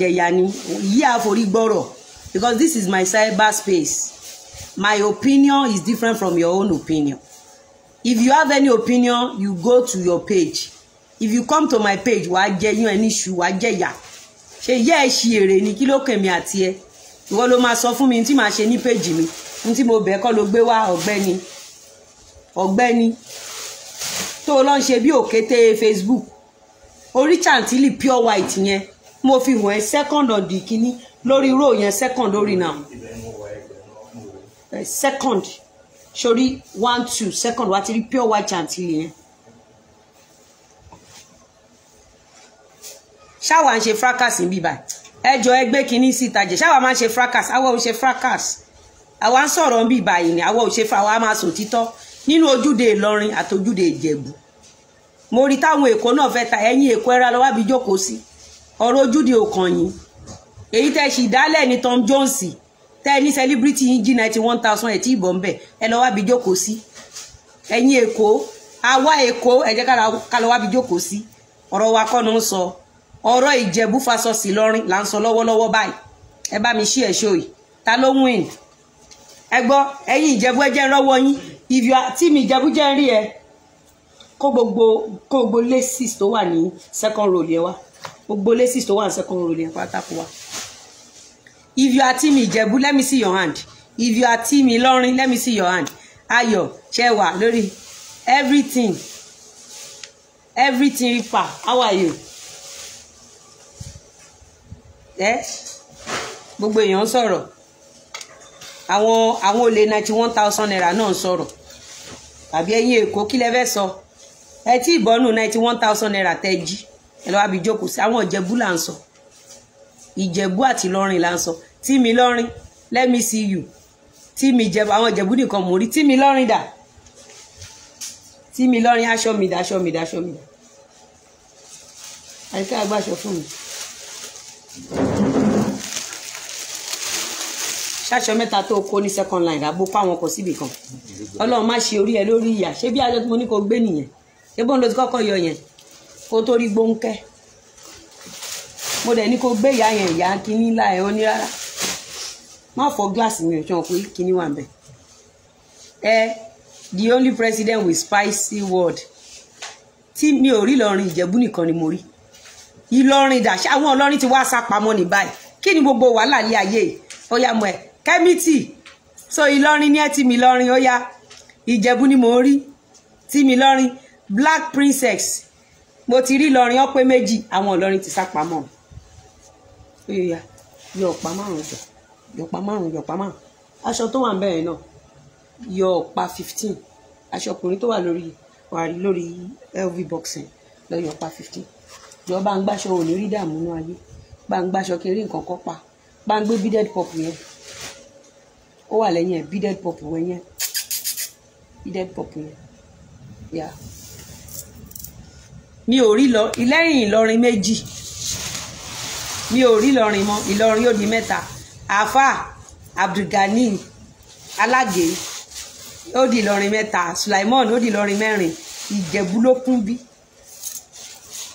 jẹ̀yà ni yí àforí gbọ́rọ̀ because this is my cyber space my opinion is different from your own opinion if you have any opinion you go to your page if you come to my page wàá jẹ yún ẹ níṣu wàá jẹ̀yà ṣe yẹ ẹ ṣi èrè ni kí ló kẹ̀mí àti ẹ ìwọ ló máa sọ fún mi tí màá ṣe ní péjì mi ní tí mo bẹ̀ kọ́ ló gbé wá ọ̀gbẹ́ni ọ̀gbẹ́ni tó o lọ ń ṣe bí òkété Facebook orí chantili pure white yẹn mo fi hàn ẹ́ second on the kínní lórí ró yẹn second lórí náà eh, second sórí one two second wá ti rí pure white chantilly yẹn. ṣáwa ń ṣe fracas ń bíbá ẹjọ ẹgbẹ́ kínní síta jẹ ṣáwa máa ń ṣe fracas àwa ò ṣe fracas àwa ń sọ̀rọ̀ ń bíbá yìí ni àwa ò ṣe fa àwa máa sọ títọ́ nínú ojúde Ìlọrin àtòjúde Ìjẹ̀bú mo rí táwọn Èkó náà fẹ́ ta ẹ̀yìn Èkó ẹ̀rá lọ́wọ́ àbí jókòó sí ọ̀rọ̀ ojúde òkàn yìí èyí tẹ́ ṣì dálẹ̀ ní Tom Jones tẹ́ ní celebrity yín jí ninety one thousand ẹ̀ tí ìbọn ń bẹ̀ ẹ lọ wá bí jókòó sí ẹ̀yin èkó àwa èkó ẹ jẹ́ ká lọ wá bí jókòó sí ọ̀rọ̀ wa kọ́ ló ń sọ ọ̀rọ̀ ìjẹ̀bú fasọsì lọ́rin là ń sọ lọ́wọ́lọ́wọ́ báyìí ẹ bá mi ṣí ẹ̀ ṣó yìí ta ló ń win ẹ gbọ́ ẹ̀yin ìjẹ̀bú ẹ jẹ́ ń rọ́wọ́ yín ìbí tí mi ìjẹ̀bú jẹ́ ń rí ẹ kó gbogbo kó gbogbo laces tó wà ní second row yẹn wá gbogbo laces tó wà ní second row lè pátákó wa if you are team ìjẹ̀bú let me see your hand if you are team ìlọrin let me see your hand ayọ̀ ṣẹwà lórí everything everything ripa how are you ẹ gbogbo èèyàn sọ̀rọ̀ àwọn àwọn olè ninety one thousand naira náà sọ̀rọ̀ àbí ẹ̀yin èkó kí lẹ fẹ́ sọ ẹ tí ìbọnú ninety one thousand naira tẹ́ jí ẹ lọ́wọ́ àbí jókòó sí àwọn ìjẹ̀bú là ń sọ ìjẹ̀bú àti lọ́rin là ń sọ tí mi lọ́rin let me see you tí mi jẹ̀bú àwọn ìjẹ̀bú nìkan mò ń rí tí mi lọ́rin dà tí mi lọ́rin aṣọ mi dà aṣọ mi dà aṣọ mi dà àyíká agbáṣọ fún mi. ṣáṣọ mẹ́ta tó kó ní second line àbó pa àwọn ọkọ̀ síbì kan ọlọ́run má ṣe orí ẹ lórí ìyà ṣé bí ajọ́ tí mo ní kó gbé nìyẹn ṣé bóun ló ti kọ́kọ́ yọ yẹn kó tó rí gbóńkẹ́ mo dẹ̀ ní kó gbé ìyá yẹn ìyá kínní ńlá ẹ̀ ó ní rárá má fọ gíláàsì mi ò sọ pé kínní wà ń bẹ̀ ẹ the only president with spicy word tí mi ò rí lọrin ìjẹ̀bú nìkan ni mo rí ìlọrin dàṣẹ àwọn ọlọ́rin ti wá sápamọ́ ní báyìí kí ni gbogbo wàhálà ilé ayé ó yá mọ́ ẹ kẹ́mítì so ìlọrin ní ẹ tí mi lọrin ó yá ìjẹ̀bú ni mo rí tí mi lọrin black princess mo ti rí lọrin ọpẹ méjì àwọn ọlọrin ti sá pamọ́ oyèyà yọ ọ̀pá márùn jọ yọ ọ̀pá márùn yọ ọ̀pá márùn aṣọ tó wà ń bẹ̀rẹ̀ náà yọ ọ̀pá fifteen aṣọ ọkùnrin tó wà lórí wà lórí lv boxing lọ yọ ọ̀pá fifteen jọ bá ń gbàṣọ òní rí dààmú ní ayé bá ń gbàṣọ kiri nǹkan kan pa bá ń gbé beaded pop yẹn ó wà lẹ́yìn ẹ̀ beaded pop wẹ̀ yẹn beaded pop yẹn yà. Yeah mi ò rí lọ lẹ́yìn ìlọrin méjì mi ò rí lọrin mọ́ ìlọrin ó di mẹ́ta àáfà abdulgani alage ó di ìlọrin mẹ́ta sulaimon ó di ìlọrin mẹ́rin ìjẹ̀bú ló kún bí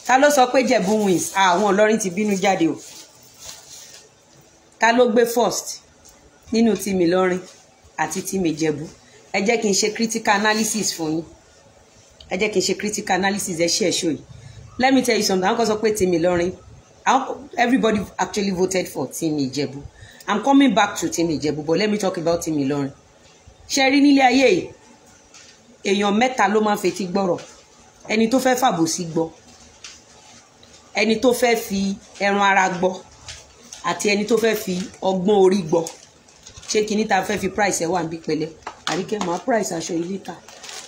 ta ló sọ pé jẹ̀bú wins àwọn ìlọrin ti bínú jáde o ta ló gbé first nínú tìmí ìlọrin àti tìmí ìjẹ̀bú ẹ jẹ́ kí n ṣe critical analysis fún yín ẹ jẹ́ kí n ṣe critical analysis ẹ ṣe ẹ̀ṣọ́ yìí let me tell you something àwọn kan sọ pé Timi Ìlọrin everybody actually voted for Timi Ìjẹ̀bú i'm coming back to Timi Ìjẹ̀bú but let me talk about Timi Ìlọrin ṣe rí nílé ayé yìí èèyàn mẹ́ta ló máa ń fetí gbọ́rọ̀ ẹni tó fẹ́ fàbòsí gbọ́ ẹni tó fẹ́ fi ẹran ara gbọ́ àti ẹni tó fẹ́ fi ọgbọ́n orí gbọ́ ṣé kinní ta fẹ́ fi price ẹ̀ wà ń bí pẹ̀lẹ́ àríkẹ́ màá price aṣọ ilé ta.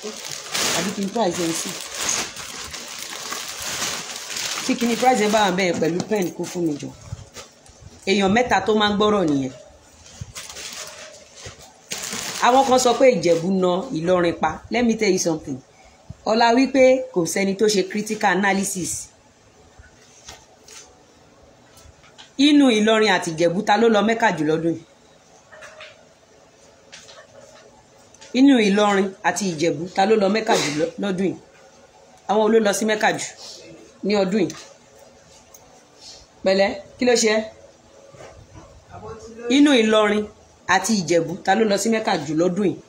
Okay àbí kí n price ẹ̀ sí tí bá wà bẹ́ẹ̀ pẹ̀lú pen kó fún mi jọ èèyàn mẹ́ta tó máa ń gbọ́rọ̀ nìyẹn àwọn kan sọ pé ìjẹ̀bú na ìlọrin pa let me tell you something ọlá wípé kò sẹ́ni tó ṣe critical analysis inú ìlọrin àti ìjẹ̀bú ta ló lọ mẹ́kà jù lọ́dún yìí inú ìlọrin àti ìjẹ̀bú ta ló lọ mẹ́kà jù lọ́dún yìí àwọn olóò lọ sí mẹ́kà jù ní ọdún yìí pẹ̀lẹ́ kí ló ṣe inú ìlọrin àti ìjẹ̀bú ta ló lọ sí mẹ́kà jù lọ́dún yìí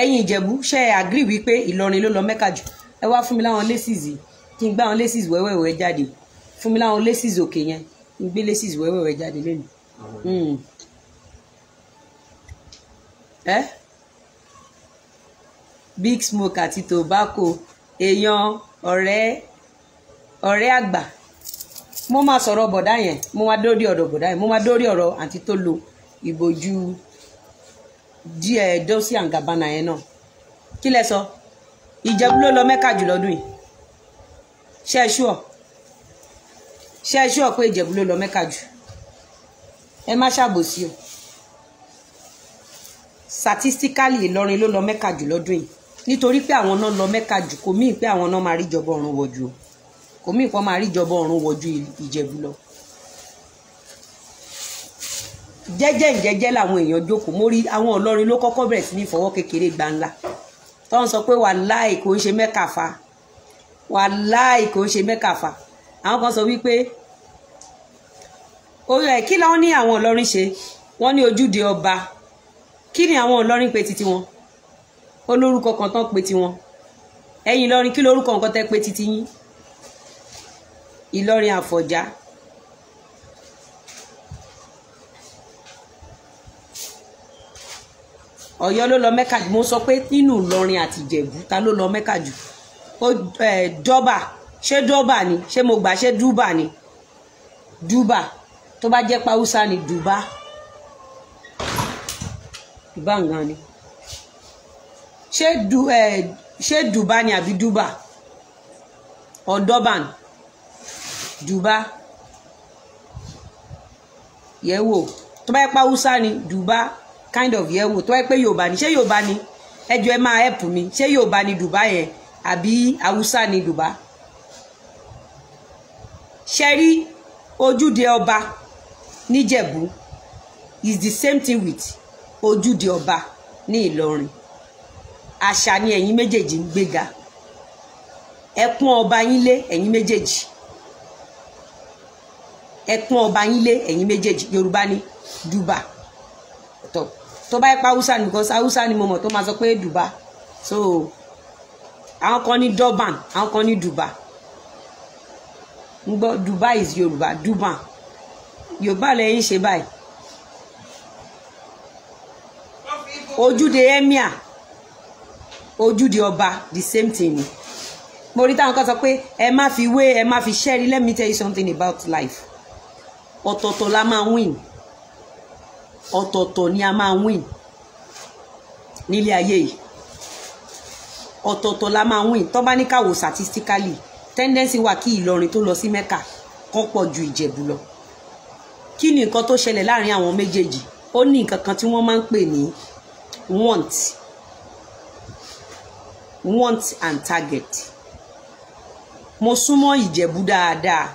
ẹ̀yin ìjẹ̀bú ṣe é àgírí wípé ìlọrin ló lọ mẹ́kà jù ẹ wá fún mi láwọn laces kí n gbá àwọn laces wẹ́wẹ́wẹ́ jáde fún mi láwọn laces òkè yẹn n gbé laces wẹ́wẹ́wẹ́ jáde lónìí. Hmm eh? big smoke àti tobacco èèyàn ọ̀rẹ́ ọ̀rẹ́ àgbà mo máa sọ̀rọ̀ bọ̀dá yẹn mo máa dórí ọ̀rọ̀ bọ̀dá yẹn mo máa dórí ọ̀rọ̀ àti tó lo ìbojú díẹ̀ dọ́sí àǹgàbánà yẹn náà kí lẹ sọ ìjẹ̀bú ló lọ mẹ́ka jù lọ́dún yìí ṣe é ṣúọ̀ ṣe é ṣúọ̀ pé ìjẹ̀bú ló lọ mẹ́ka jù ẹ má ṣàbòsí o statistically ìlọrin ló lọ mẹ́ka jù lọ́dún yìí nítorí pé àwọn náà lọ mẹ́ka jù kò míì pé àwọn náà máa rí ìjọba ọ̀run wọ̀ ju kò míì pé wọ́n máa rí ìjọba ọ̀run wọ̀ ju ìjẹ̀bú lọ. jẹ́jẹ́ ìjẹ́jẹ́ làwọn èèyàn jókòó mórí àwọn ọlọ́rin ló kọ́kọ́ bẹ̀rẹ̀ sí ní fọwọ́ kékeré gbáńlá tó ń sọ pé wàláì kò ń ṣe mẹ́ka fa wàláì kò ń ṣe mẹ́ka fa àwọn kan sọ wípé kí làwọn ní àwọn ọlọ́rin ṣe wọ́n ní ojúde ọba kí ni àwọn Ìlọrin pè titi wọn olórúkọ kan tán pè tiwọn ẹ̀yin Ìlọrin kí lórúkọ nǹkan tẹ́ pè titi yín Ìlọrin Àfọ̀njá Ọ̀yọ́ ló lọ Mẹ́kà jù mo sọ pé nínú Ìlọrin àti Ìjẹ̀bú ta ló lọ Mẹ́kà jù ó dọ́bà ṣé dọ́bà ni ṣé mo gbà ṣé dúbà ni dúbà tó bá jẹ́ pàwùsà ni dùbà ìbáǹgàn ni ṣé du ẹ ṣé duba ni àbí duba ọdọban duba wo. tó bá yẹ pé haúsá ni duba kind of yẹ̀wò tó bá yẹ pé yorùbá ni ṣé yorùbá ni ẹjọ ẹ máa help mi ṣé yorùbá ni duba yẹn àbí haúsá ni duba ṣe rí ojúde ọba níjẹ̀bú is the same thing with ojúde ọba ní Ìlọrin àṣà ni ẹ̀yin méjèèjì ń gbéga ẹkún ọba yín lé ẹ̀yin méjèèjì ẹkún ọba yín lé ẹ̀yin méjèèjì Yorùbá ní Duba tó tó bá yẹ pa Hausa ni because Hausa ni mo mọ̀ tó máa sọ pé Duba so àwọn kan ní Durban àwọn kan ní Duba ń gbọ́ Duba is Yorùbá Duba Yorùbá lẹ́yìn ṣe báyìí ojúde emir ojúde ọba the same thing ni mo rí táwọn kan sọ pé ẹ má fi wé ẹ má fi ṣẹ́rí let me tell you something about life ọ̀tọ̀ọ̀tọ̀ la máa win ọ̀tọ̀ọ̀tọ̀ ni a máa win nílé ayé yìí ọ̀tọ̀ọ̀tọ̀ la máa win tó bá ní ká wò statistically tendency wà kí Ìlọrin tó lọ sí Mẹ́kà kó pọ̀ ju Ìjẹ̀bú lọ kí ni nǹkan tó ṣẹlẹ̀ láàrin àwọn méjèèjì ó ní nǹkan kan tí wọ́n máa ń pè ní want want and target mo súnmọ́ ìjẹ̀bú dáadáa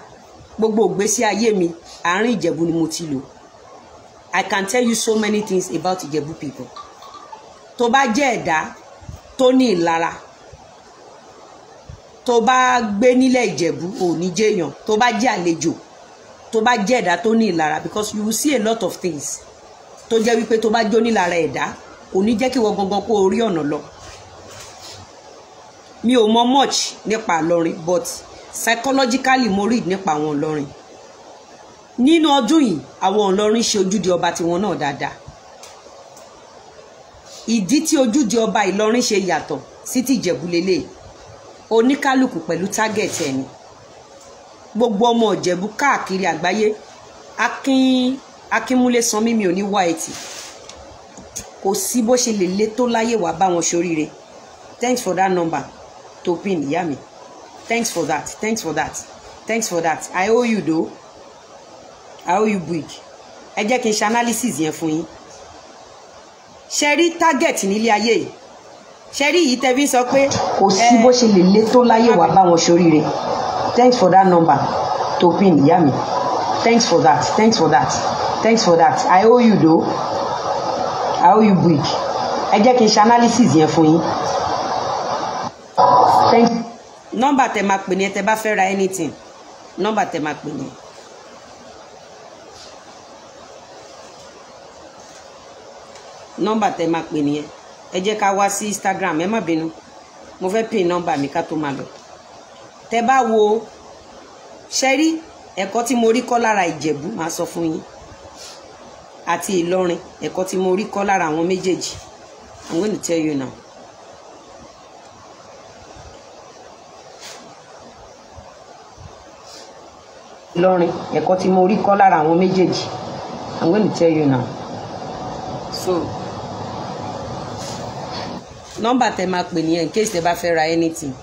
gbogbo ìgbésí ayé mi àárín ìjẹ̀bú ni mo ti lò i can tell you so many things about ìjẹ̀bú people tó bá jẹ́ ẹ̀dá tó ní ìlara tó bá gbé nílẹ̀ ìjẹ̀bú ò ní jẹ́yàn tó bá jẹ́ àlejò tó bá jẹ́ ẹ̀dá tó ní ìlara because you will see a lot of things tó jẹ́ wípé tó bá jó nílara ẹ̀dá kò ní jẹ́ kí wọ́n gangan kó o ọ̀nà lọ mi ò mọ much nípa Ìlọrin but psychologically mo read nípa àwọn Ìlọrin nínú ọdún yìí àwọn Ìlọrin ṣe ojúde ọba tiwọn náà dáadáa ìdí tí ojúde ọba Ìlọrin ṣe yàtọ̀ sí ti Ìjẹ̀bú lélẹ̀ oníkálukú pẹ̀lú target ẹni gbogbo ọmọ Ìjẹ̀bú káàkiri àgbáyé Akin Akínmúlé mi ò ní wá etí kò sí bó ṣe lè le tó láyé wàá bá ṣoríire thanks for that number tó pin ìyá mi thanks for that thanks for that thanks for that i owe you though i owe you big ẹ jẹ́ kí n ṣe analysis yẹn fún yín ṣe rí target nílé ayé yìí ṣe rí yìí tẹ́bí sọ pé. kò sí eh, bó ṣe lè le tó láyé wàá bá ṣoríire thanks for that number tó pin ìyá mi thanks for that thanks for that thanks for that i owe you though how you weak ẹ jẹ́ kí n ṣe analysis yẹn fún yín. nọ́mbà tẹ máa pè ní ẹ tẹ bá fẹ́ ra anything nọ́mbà tẹ máa pè ní. nọ́mbà tẹ máa pè ní ẹ ẹ jẹ́ ká wá sí Instagram ẹ má bínú mo fẹ́ pin nọ́mbà mi ká tó máa lọ tẹ bá wo ṣẹ́rí ẹ̀kọ́ tí mo rí kọ́ lára Ìjẹ̀bú máa sọ fún yín àti Ìlọrin ẹ̀kọ́ tí mo rí kọ́ lára àwọn méjèèjì I'm going to tell you now. Ìlọrin ẹ̀kọ́ tí mo rí kọ́ lára àwọn méjèèjì I'm going to tell you now. So nọ́mbà tẹ máa pè nìyẹn in case tẹ bá fẹ́ ra anything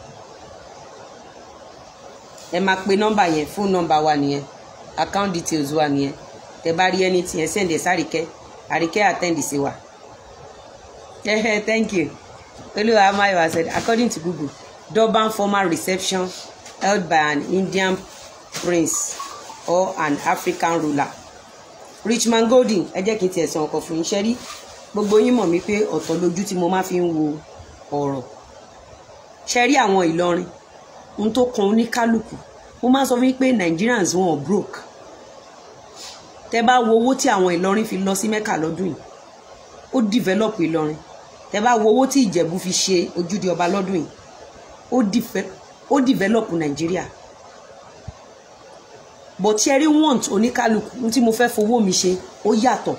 ẹ máa pe nọ́mbà yẹn fóònù nọ́mbà wa nìyẹn account details wa nìyẹn tẹ bá rí ẹni tiẹ̀ sẹ́ǹdẹ̀ sárìkẹ́ àríkẹ́ àtẹ́ǹdì sí wa. thank you olúwa amáyọ̀ said according to Google Durban formal reception held by an Indian prince or an African ruler Richmond Golding ẹ jẹ́ kí n tiẹ̀ sàn ọkọ̀ fún iṣẹ́ rí gbogbo yín mọ̀ mí pé ọ̀tọ̀ lójú tí mo máa fi ń wo ọ̀rọ̀ ṣe rí àwọn Ìlọrin ohun tó kan oníkálukú mo máa sọ fún yín pé Nigerians wọn broke tẹ bá wo owó tí àwọn ìlọrin fi lọ sí mẹ́kà lọ́dún yìí ó develop ìlọrin tẹ bá wo owó tí ìjẹ̀bú fi ṣe ojúde ọba lọ́dún yìí ó develop nàìjíríà but cherry want oníkálukú tí mo fẹ́ fowó mi ṣe ó yàtọ̀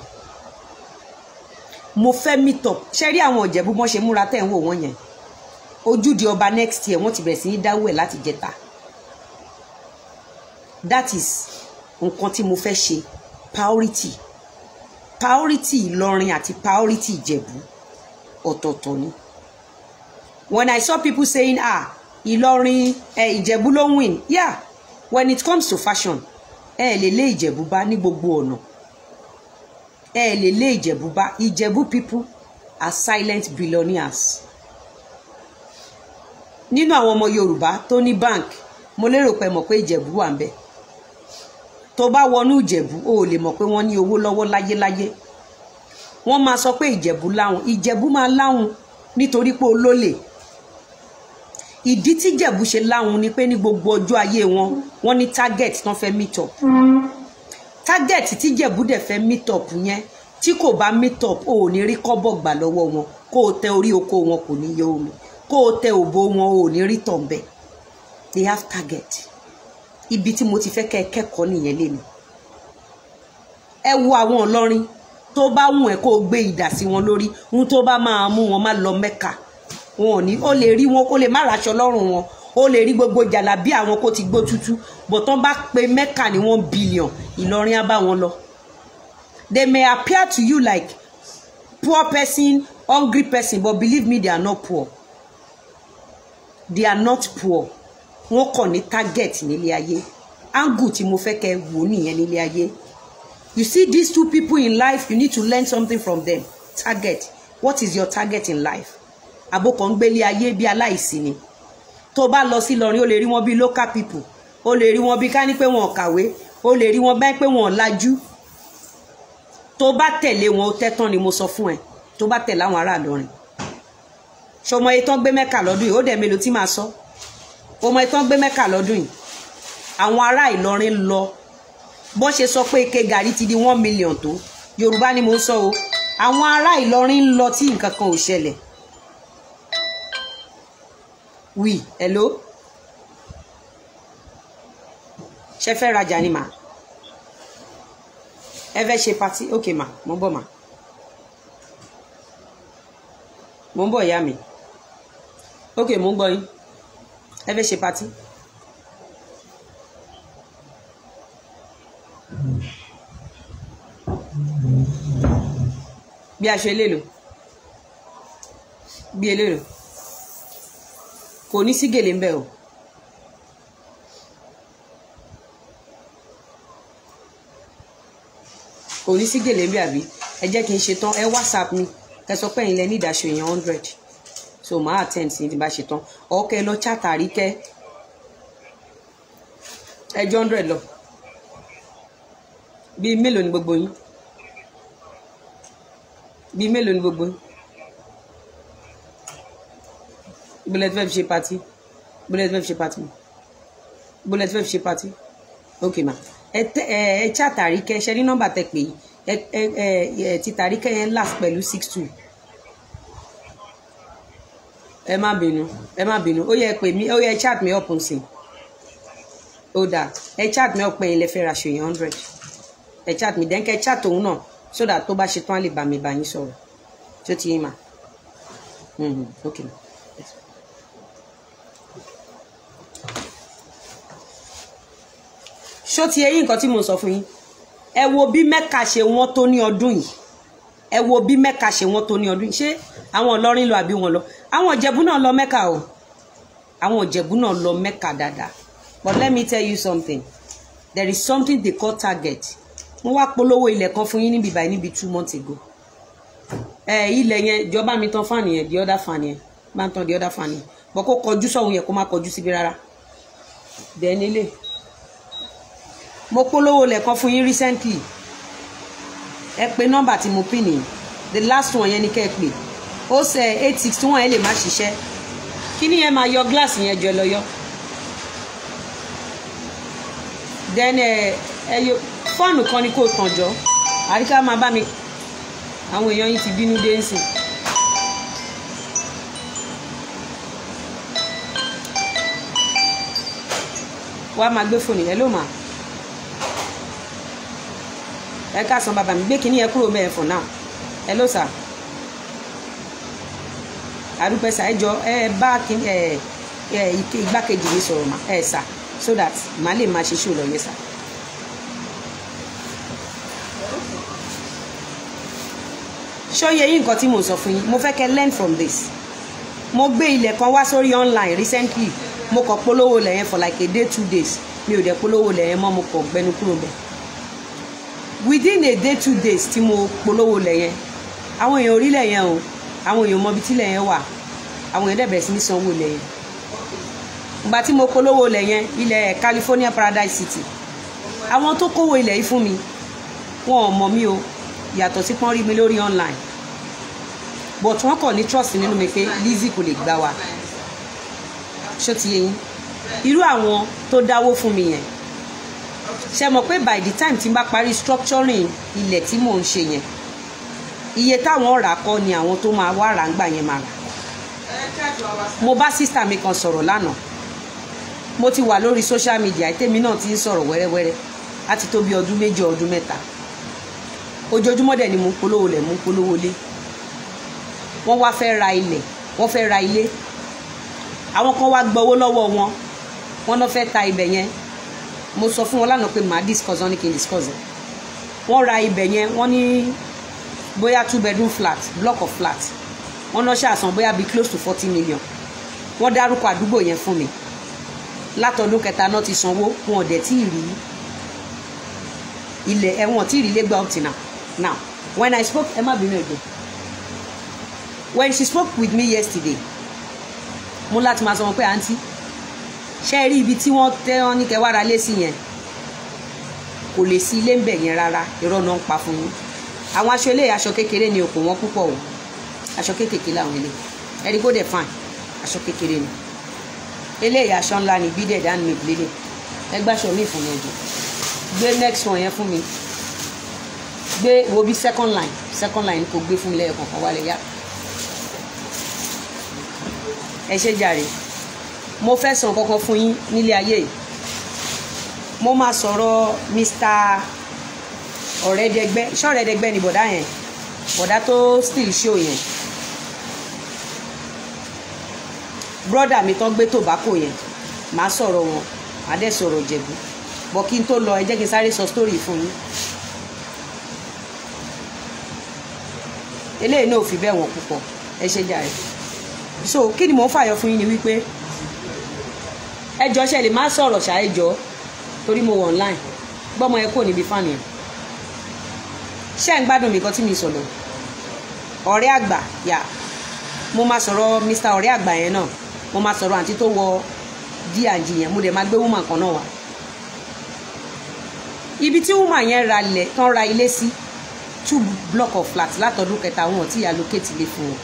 mo fẹ́ meet up cherry àwọn ìjẹ̀bú bọ́n ṣe múra tẹ̀ ń wò wọ́n yẹn ojúde ọba next year wọ́n ti bẹ̀rẹ̀ sí ní dáwọ́ ẹ̀ láti jẹta that is nǹkan tí mo fẹ́ ṣe priority priority Ìlọrin àti priority Ìjẹ̀bú ọ̀tọ̀ọ̀tọ̀ ni when I saw people saying ah Ìlọrin ẹ Ìjẹ̀bú ló ń win yeah when it comes to fashion ẹ lè lé Ìjẹ̀bú bá ní gbogbo ọ̀nà ẹ lè lé Ìjẹ̀bú bá Ìjẹ̀bú people are silent billionaires nínú àwọn ọmọ Yorùbá tó ní bank mo lérò pé mọ̀ pé Ìjẹ̀bú wà ń bẹ́ẹ̀ tó bá wọnú ìjẹ̀bú o ò lè mọ̀ pé wọ́n ní owó lọ́wọ́ láyéláyé wọ́n máa sọ pé ìjẹ̀bú láwọn ìjẹ̀bú máa láwọn nítorí pé olólè ìdí tí ìjẹ̀bú ṣe láwọn ni pé ní gbogbo ọjọ́ ayé wọn wọ́n ní target tán fẹ́ meet up target tí ìjẹ̀bú dẹ̀ fẹ́ meet up yẹn tí kò bá meet up o ò ní rí kọ́bọ̀ gbà lọ́wọ́ wọn kó o tẹ orí oko wọn kò ní yọ omi kó o tẹ òbó wọn o ní rí tọ̀m̀bẹ̀ they have target ibi tí mo ti fẹ́ kẹ́ kẹ́kọ̀ọ́ nìyẹn lémi ẹ wo àwọn ọlọ́rin tó bá wù ẹ́ kó o gbé idà sí wọn lórí ohun tó bá máa mú wọn má lọ mẹ́ka wọn ò ní ó lè rí wọn kó lè má raṣọ lọ́rùn wọn ó lè rí gbogbo jàlá bí àwọn kó ti gbó tútú bọ̀ bá pe mẹ́ka ní one billion Ìlọrin á bá wọn lọ they may appear to you like poor person hungry person but believe me they are not poor they are not poor wọ́n kàn ní target nílé ayé angle tí mo fẹ́ kẹ́ wò nìyẹn nílé ayé you see these two people in life you need to learn something from them target what is your target in life àbókan gbélé ayé bí aláìsí ni tó bá lọ sí Ìlọrin ó lè rí wọn bí local people ó lè rí wọn bí ká ní pé wọn ò kàwé ó lè rí wọn báyìí pé wọn lajú tó bá tẹ̀lé wọn ó tẹ́tàn ni mo sọ fún ẹ tó bá tẹ̀lé àwọn ará Ìlọrin ṣọmọ etán gbé mẹ́ka lọ́dún yìí ó dẹ̀ mélòó tí màá sọ. So o mọ ìtàn gbé mẹ́kà lọ́dún yìí àwọn ará Ìlọrin lọ bó ṣe sọ pé ike gàrí ti di one million tó Yorùbá ni mo ń sọ o àwọn ará Ìlọrin ń lọ tí nǹkan kan ò ṣẹlẹ̀ wì hello ṣe fẹ́ rajà ni mà ẹ fẹ́ ṣe patí ok mà mo ń bọ̀ mà mo ń bọ̀ ìyá mi ok mo ń gbọ́ yín ẹ fẹ́ ṣe patí. bí aṣọ eléèlò bí eléèlò kò ní sí gèlè ń bẹ o. kò ní sí gèlè ń bẹ àbí ẹ jẹ́ kí n ṣe tán ẹ whatsapp mi ẹ sọ pé ẹ̀yin lẹ ní ìdáṣọ èèyàn hundred so màá attend sí ní ti bá ṣe tán ọkẹ lọ chátàrí kẹ ẹjọ hundred lọ bíi mélòó ni gbogbo yín bíi mélòó ni gbogbo yín bullet fẹ́ fi ṣe pati bullet fẹ́ fi ṣe pati bullet fẹ́ fi ṣe pati ok ma ẹ tẹ ẹ ẹ chátàrí kẹ ṣe ní nọ́mbà tẹ pé ẹ ẹ ẹ ti tàrí kẹ yẹn last pẹ̀lú six two ẹ má bínú ẹ má bínú ó yẹ pè mí ó yẹ chat mi up nsìn ó dà ẹ chat mi up pé ilẹ̀ fẹ́ ra ṣòyìn hundred ẹ chat mi dẹ́ńkẹ́ chat òun náà sódà tó bá ṣe tán á lè bá mi bá yín sọ̀rọ̀ tó ti yín mà mm-hmm, ok. ṣó ti eyín nǹkan tí mo sọ fún yín ẹ wo bí mẹ́ka ṣe wọ́n tó ní ọdún yìí ẹ wo bí mẹ́ka ṣe wọ́n tó ní ọdún yìí ṣé àwọn ọlọ́rin lọ àbí wọn lọ àwọn ìjẹ̀bú náà lọ mẹ́ka o àwọn ìjẹ̀bú náà lọ mẹ́ka dáadáa but let me tell you something there is something they call target mo wá polówó ilẹ̀ kan fún yín níbi báyìí níbi two months ago ẹ ilẹ̀ yẹn ìjọba mi tán fáànì yẹn the other fáànì yẹn bá ń tán the other fáànì yẹn bọ́ kó kọjú sọ̀hún yẹn kó má kọjú síbi rárá bẹ́ẹ̀ nílé mo polówó ilẹ̀ kan fún yín recently ẹ pé nọ́mbà tí mo pin nìyí the last one yẹn ni kẹ́ ẹ pè ó ṣe eight six one ẹ lè má ṣiṣẹ́ kíní yẹn máa yọ gíláàsì yẹn jọ lọ yọ then ẹ eh, ẹ yọ fóònù kan ni kò tàn jọ àríkà máa bá mi àwọn èèyàn yìí ti bínú dé ń sìn. wàá máa gbé fóònù yẹn ló máa ẹ káàsán bàbá mi gbé kínní yẹn kúrò mẹ́ẹ̀fọ̀ náà ẹ ló sà àdúpẹ́ sà ẹ jọ ẹ bá igbákejì mi sọ̀rọ̀ ẹ sà so that màá lè máa ṣe ṣó lọ yẹ sà. ṣó yín nǹkan tí mo sọ fún yín mo fẹ́ kẹ́ learn from this mo gbé ilẹ̀ kan wá sórí online recently mo kàn polówó lẹ̀ for like a day two days mi ò dẹ̀ polówó lẹ̀ mọ́ mo kàn gbẹnu kúrò bẹ̀ within a day two days tí mo polówó lẹ̀ àwọn èèyàn orílẹ̀ yẹn o àwọn èèyàn mọ ibi tílẹ̀ yẹn wà àwọn èèyàn dẹ̀ sí ní sanwó ilẹ̀ yẹn ìgbà tí mo polówó ilẹ̀ yẹn ilẹ̀ California Paradise City àwọn tó kówó ilẹ̀ yìí fún mi wọn ò mọ̀ mí o yàtọ̀ sí pọ́n rí mi lórí online but wọ́n kọ̀ ní trust nínú mi pé Lizzy kò lè gbá wa ṣó ti yẹ yín irú àwọn tó dáwó fún mi yẹn ṣe mọ̀ pé by the time tí n bá parí structuring ilẹ̀ tí mò ń ṣe yẹn iye táwọn rà kọ́ ni àwọn tó máa wá rà ń gbà yẹn máa rà mo bá sísà mi kan sọ̀rọ̀ lánàá mo ti wà lórí social media tèmi náà ti ń sọ̀rọ̀ wẹ́rẹ́wẹ́rẹ́ á ti tó bí ọdún méje ọdún mẹ́ta ojoojúmọ́ dẹ̀ ni mo ń polówó lẹ̀ mo ń polówó lé wọ́n wá fẹ́ ra ilẹ̀ wọ́n fẹ́ ra ilé àwọn kan wá gbowó lọ́wọ́ wọn wọ́n lọ́ fẹ́ ta ibẹ̀ yẹn mo sọ fún wọn lánàá pé màá discuss wọn kí n discuss wọn ra ibẹ̀ yẹn wọ́n ní bóyá two bedroom flat block of flat wọ́n náà ṣàṣàn bóyá be close to forty million wọ́n dárúkọ àdúgbò yẹn fún mi látọdún kẹta náà ti sanwó wọn ò dẹ̀ tí ì rí ilẹ̀ ẹ̀wọ̀n tí ì rí ilé gba up till now when I spoke ẹ má bínú ẹ̀jẹ̀ when she spoke with me yesterday mo láti máa sọ wọn pé àǹtí ṣe rí ibi tí wọ́n tẹ́ wọn ní kẹwàá ra lé sí yẹn kò lè sí ilé ń bẹ̀ yẹn rárá irọ́ ń pa fún yín àwọn aṣọ ilé aṣọ kékeré ni òkò wọn púpọ̀ o aṣọ kékeré làwọn ilé ẹni kó dẹ̀ fine aṣọ kékeré ni eléyìí aṣọ ńlá ni bí dẹ̀ dáná mèbìlì lè ẹgbàṣọ mi fún mi ẹjọ gbé next one yẹn fún mi gbé wo bí second line second line kò gbé fún mi lẹ́yìn kọ̀ọ̀kan wálé yá ẹ ṣe jàre mo fẹ́ sàn kankan fún yín nílé ayé yìí mo máa sọ̀rọ̀ Mr ọ̀rẹ́dẹgbẹ́ ṣọ̀rẹ́dẹgbẹ́ ni bọ̀dá yẹn bọ̀dá tó still show yẹn brọ́dà mi tó gbé tobacco yẹn màá sọ̀rọ̀ wọn màá dẹ̀ sọ̀rọ̀ jẹ̀bú bọ̀ kí n tó lọ ẹ jẹ́ kí n sáré sọ story fún yín eléyìí náà ò fi bẹ́ẹ̀ wọ̀n púpọ̀ ẹ ṣe jàre so kí ni mò ń fàyọ fún yín ni wípé ẹjọ́ ṣe lè má sọ̀rọ̀ ṣáà ẹjọ́ torí mo wọ̀ online gbọ́mọ ẹ kò níbi fáànì yẹn ṣé ẹ̀ ń gbádùn nìkan tí mi sọ̀rọ̀ ọ̀rẹ́ àgbà yà mo máa sọ̀rọ̀ mr ọ̀rẹ́ àgbà yẹn náà mo máa sọ̀rọ̀ àǹtí tó wọ dng yẹn mo dẹ̀ máa gbé woman kan náà wá ibi tí woman yẹn ra ilẹ̀ tán ra ilé sí two block of flat látọdún kẹta wọn ò tí ì allocate ilé fún wọn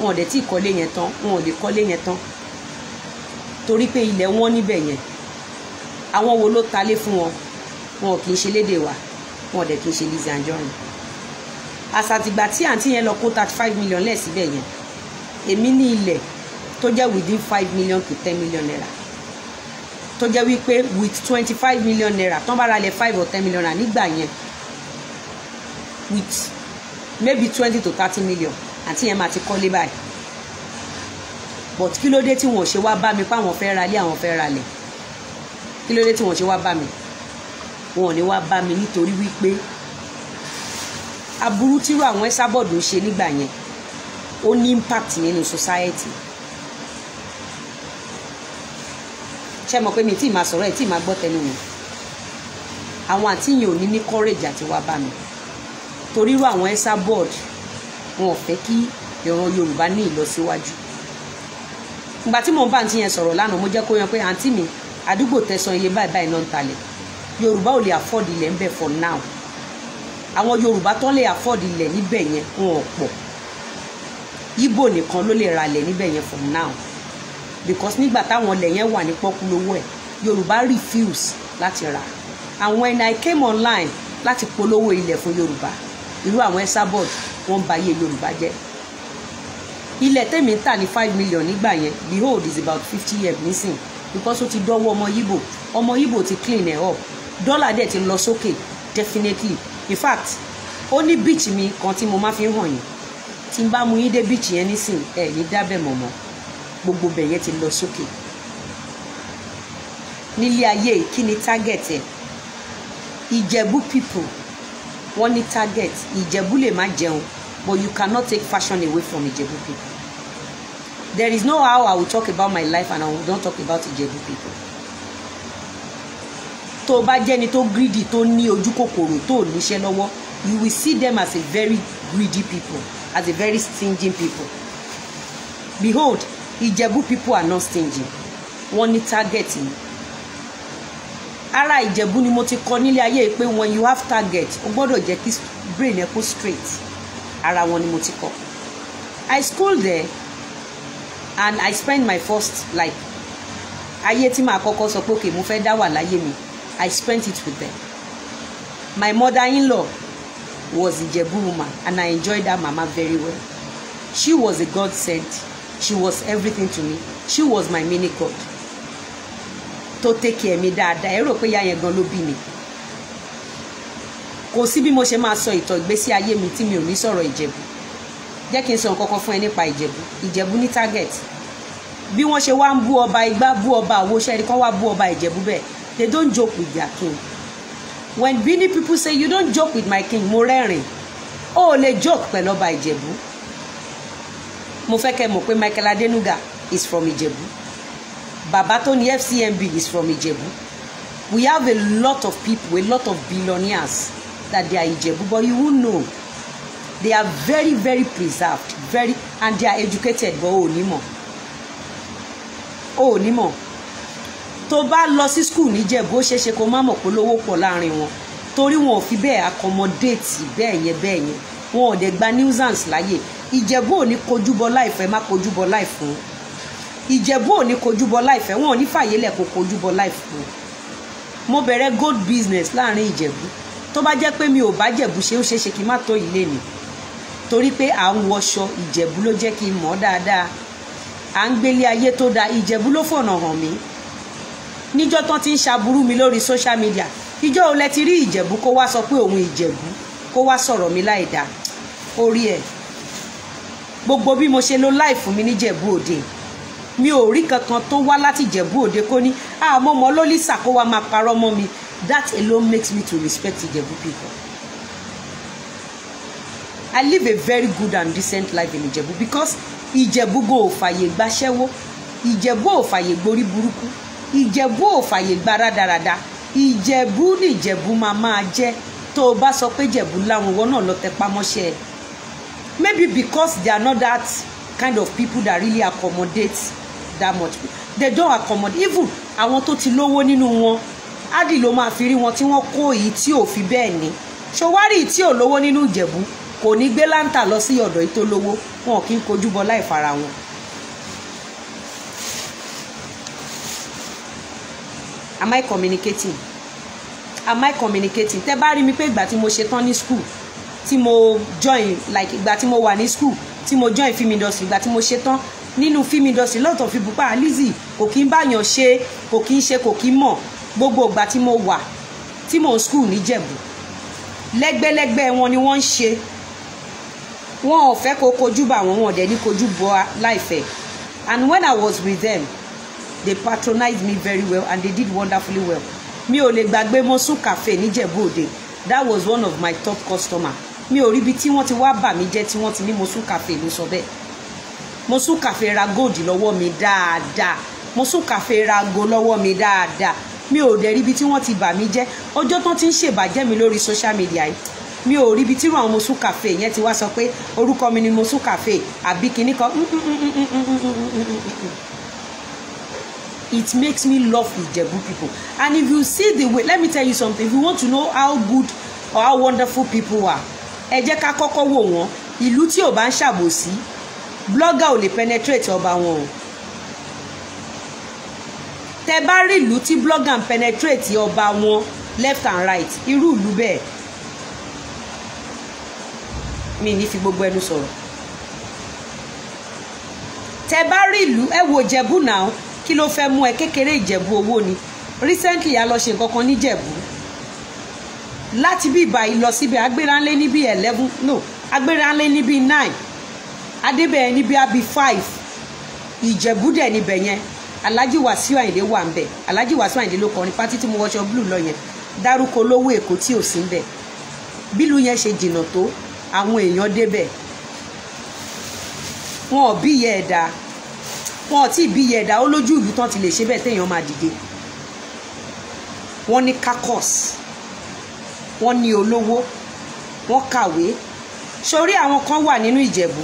wọn ò dẹ̀ tí ì kọ́lé yẹn tán wọn ò lè kọ́lé yẹn tán torí pé ilẹ̀ wọn níbẹ̀ yẹn àwọn wo ló talé fún wọn wọn ò kì í ṣe léde wa wọn dẹ̀ kí n ṣe Lizzy Anjorin àsàtìgbà tí àǹtí yẹn lọ kó thirty five million lẹ̀ síbẹ̀ yẹn èmi ní ilẹ̀ tó jẹ́ within five million to ten million naira tó jẹ́ wípé with twenty five million naira tán bá ra lẹ̀ five or ten million naira nígbà yẹn with maybe twenty to thirty million àǹtí yẹn máa ti kọ́lé báyìí but kí ló dé tí wọn ò ṣe wá bá mi pé àwọn fẹ́ ra lé àwọn fẹ́ ra lẹ̀ kí ló dé tí wọn ṣe wá bá mi wọn ò ní wá bá mi nítorí wípé aburú tírú àwọn Esabod ń ṣe nígbà yẹn ó ní impact nínú society ṣe mọ̀ pé mi tí ì máa sọ̀rọ̀ ẹ̀ tí ì máa gbọ́ tẹnu mi àwọn àtìyàn ò ní ní courage àti wá bá mi torí irú àwọn Esabod wọn ò fẹ́ kí ìran Yorùbá ní ìlọsíwájú ìgbà tí mò ń bá àǹtí yẹn sọ̀rọ̀ lánàá mo jẹ́ kó yan pé àǹtí mi àdúgbò tẹ̀sán iye báyìí báyìí náà ń talẹ̀ yorùbá ò lè afford ilẹ̀ ńbẹ̀ for now àwọn yorùbá tán lè afford ilẹ̀ níbẹ̀ yẹn wọn ò pọ̀ ibo nìkan ló lè ra ilẹ̀ níbẹ̀ yẹn for now because nígbà táwọn ilẹ̀ yẹn wà ní pọ́kúlówó ẹ̀ yorùbá refuse láti ra and when I came online láti polówó ilẹ̀ fún yorùbá irú àwọn Esabod wọ́n ń ba ayé yorùbá jẹ́ ilẹ̀ tèmi ń tà ní five million nígbà yẹn behold is about fifty years missing. because ó ti dọ́wọ́ ọmọ yíbò ọmọ yíbò ti clean ẹ̀ up dọ́là dẹ̀ ti lọ sókè definitely in fact ó ní beach mi kan tí mo máa fi ń hàn yín tí n bá mu yín dé beach yẹn nísìn ẹ ní dábẹ̀ mọ̀mọ́ gbogbo bẹ̀ yẹn ti lọ sókè nílé ayé kí ni target ẹ ìjẹ̀bú people wọ́n ní target ìjẹ̀bú lè má jẹun but you cannot take fashion away from ìjẹ̀bú people there is no how i will talk about my life and i will not talk about ìjẹ̀bú people tó o bá jẹ́ni tó greedy tó ní ojú kòkòrò tó níṣẹ́ lọ́wọ́ you will see them as a very greedy people as a very stingy people behold Ìjẹ̀bú people are not stingy wọ́n ní target ni ara Ìjẹ̀bú ni mo ti kọ́ nílé ayé pé when you have target o gbọ́dọ̀ jẹ́ kí brain ẹ kó straight ara wọn ni mo ti kọ́ I school there and I spend my first like ayé tí màá kọ́kọ́ sọ pé okay mo fẹ́ dá wà láyé mi I spent it with them. My mother-in-law was a Jebu woman and I enjoyed that mama very well. She was a godsend. She was everything to me. She was my mini god. To take care mi dáadáa, ẹ rò pé ìyá yẹn gan ló bí mi. Kò sí bí mo ṣe máa sọ ìtọ̀ ìgbésí ayé mi tí mi ò ní sọ̀rọ̀ Ìjẹ̀bú. Jẹ́ kí n sọ nǹkan kan fún ẹ nípa Ìjẹ̀bú. Ìjẹ̀bú ní target. Bí wọ́n ṣe wá ń bú ọba Igbá bú ọba àwo ṣẹ́rí kan wá bú ọba Ìjẹ̀bú bẹ́ẹ̀ they don't joke with their king when Bini people say you don't joke with my king mo oh they joke when ọba Ìjẹ̀bú mo fẹ́ kẹ́ Michael Adenuga is from Ìjẹ̀bú Babatoni FCMB is from Ìjẹ̀bú we have a lot of people a lot of billionaires that they are Ìjẹ̀bú but you won't know they are very very preserved very and they are educated but o ò Oh mọ̀ o tó bá lọ sí skul níjẹ̀bú ó ṣeéṣe kó má mọ̀ pé lówó pọ̀ láàrin wọn torí wọn ò fi bẹ́ẹ̀ accommodate bẹ́ẹ̀ yẹn bẹ́ẹ̀ yẹn wọn ò dẹ̀ gba nuisance láyè ìjẹ̀bú ò ní kojúbọ láìfẹ́ má kojúbọ láìfún ìjẹ̀bú ò ní kojúbọ láìfẹ́ wọn ò ní fàyè lẹ̀ kó kojúbọ láìfún mo bẹ̀rẹ̀ gold business láàrin ìjẹ̀bú tó bá jẹ́ pé mi ò bá jẹ̀bú ṣe ó ṣeéṣe kí n má tó ilé mi torí pé à ń wọṣọ ìjẹ̀bú ló jẹ́ kí n mọ̀ dáadáa à ń gbélé ayé tó da ìjẹ̀bú ló fọ̀nà hàn mí níjọ́ tán ti ń ṣaburú mi lórí social media ìjọ́ ò lẹ ti rí ìjẹ̀bú kó wá sọ pé òun ìjẹ̀bú kó wá sọ̀rọ̀ mi láì dáa orí ẹ̀ gbogbo bí mo ṣe lo láì fún mi níjẹ̀bú òde mi ò rí kankan tó wá láti ìjẹ̀bú òde kó ní àmọ́ ah, mọ́ ló lìsà kó wá máa parọ́ mọ́ mi that alone makes me to respect ìjẹ̀bú people I live a very good and decent life in Ìjẹ̀bú because Ìjẹ̀bú go ò fàyè gbaṣẹ́wó Ìjẹ̀bú ò fàyè gborí burúkú ìjẹ̀bú ò fàyè gba rádaràda ìjẹ̀bú nìjẹ̀bú máa máa jẹ́ tó o bá sọ pé jẹ̀bú láwọn ìwọ náà lọ tẹpá mọ́ṣẹ́ ẹ̀ maybe because they are not that kind of people that really accommodate that much they don't accommodate even àwọn tó ti lówó nínú wọn ádì ló máa fi rí wọn tí wọ́n kó èyí tí ò fi bẹ́ẹ̀ ní ṣòwárì tí ò lówó nínú ìjẹ̀bú kò ní gbé láǹtà lọ sí ọ̀dọ̀ ìtólówó wọn kì í kojú bọ láì fara wọn. am I communicating am I communicating tẹ́ bá rí mi pé ìgbà tí mo ṣe tán ní school tí mo join like ìgbà tí mo wà ní school tí mo join film industry ìgbà tí mo ṣe tán nínú film industry lọ́tọ̀ fi bùpá Lizzy kò kí ń báyàn ṣe kò kí ń ṣe kò kí ń mọ̀ gbogbo ìgbà tí mo wà tí mo school níjẹ̀bù lẹ́gbẹ́lẹ́gbẹ́ wọn ni wọ́n ń ṣe wọn ò fẹ́ kó kojú bá wọn wọn ò dẹ̀ ní kojú bọ́ láìfẹ́ and when I was with them they patronized me very well and they did wonderfully well mi o le gbàgbé mosu cafe ni níjẹ̀bú òde that was one of my top customer mi ò ríbi tí wọ́n ti wá bà mí jẹ́ tí wọ́n ti ní mosun cafe ló sọ bẹ́ẹ̀ mosun cafe ra gold lọ́wọ́ mi dáadáa mosun cafe ra go lọ́wọ́ mi dáadáa mi ò dẹ̀ ríbi tí wọ́n ti mi je. Ojo ọjọ́ tán ti ń ṣèbàjẹ́ mi lori social media yìí mi ò ríbi tí àwọn mosun cafe yẹn ti wá sọ pé orúkọ mi ni mosu cafe àbí kinní kan it makes me love Ijebu people and if you see the way let me tell you something if you want to know how good or how wonderful people are ẹ jẹ́ ká kọ́kọ́ wò wọ́n ìlú tí ò bá ń ṣàbòsí blogger ò lè penetrate ọba wọn o tẹ bá rí ìlú tí blogger ń penetrate ọba wọn left and right irú ìlú bẹ́ẹ̀ mi ní fi gbogbo ẹnu sọ̀rọ̀ tẹ bá rí ìlú ẹ wò Jẹ̀bú náà kí ló fẹ́ mú ẹ kékeré ìjẹ̀bú owó ni recently a lọ ṣe nǹkan kan níjẹ̀bú láti bí ìbàyí lọ síbẹ̀ agbéranlé ní bí eleven no agbéranlé ní bí nine adébẹ̀yẹ ní bí abi five ìjẹ̀bú dẹ̀ níbẹ̀ yẹn alhaji wasiu ayinde wà ń bẹ̀ alhaji wasiu ayinde ló kọrin pátí tí mo wọṣọ blue lọ yẹn dárúkọ olówó èkó tí ò sí ń bẹ̀ bílù yẹn ṣe jìnnà tó àwọn èèyàn débẹ̀ wọn ò bí ìyá ẹ̀ wọn ò tí ì bí iye ẹ̀dá ó lójú ìlú tán ti lè ṣe bẹ́ẹ̀ téèyàn máa dìde wọ́n ní kakos wọ́n ní olówó wọ́n kàwé sórí àwọn kan wà nínú ìjẹ̀bú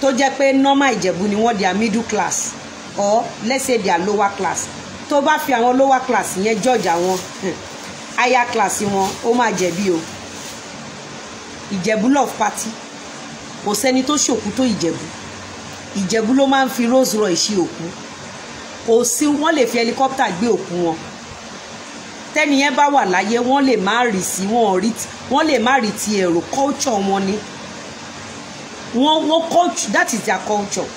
tó jẹ́ pé normal ìjẹ̀bú ni wọ́n their middle class or let's say di their lower class tó bá fi àwọn lower class yẹn judge àwọn hmm, higher class wọn ó máa jẹ̀bi o ìjẹ̀bú love party kò sẹ́ni tó ṣòkú tó ìjẹ̀bú ìjẹ̀bú ló máa ń fi Rolls Royce ṣe òkú kò sí wọ́n lè fi helicopter gbé òkú wọn tẹ́ni yẹn bá wà láyé wọ́n lè má rí sí wọ́n lè má rí ti èrò culture wọn ni wọ́n wọ́n culture that is their culture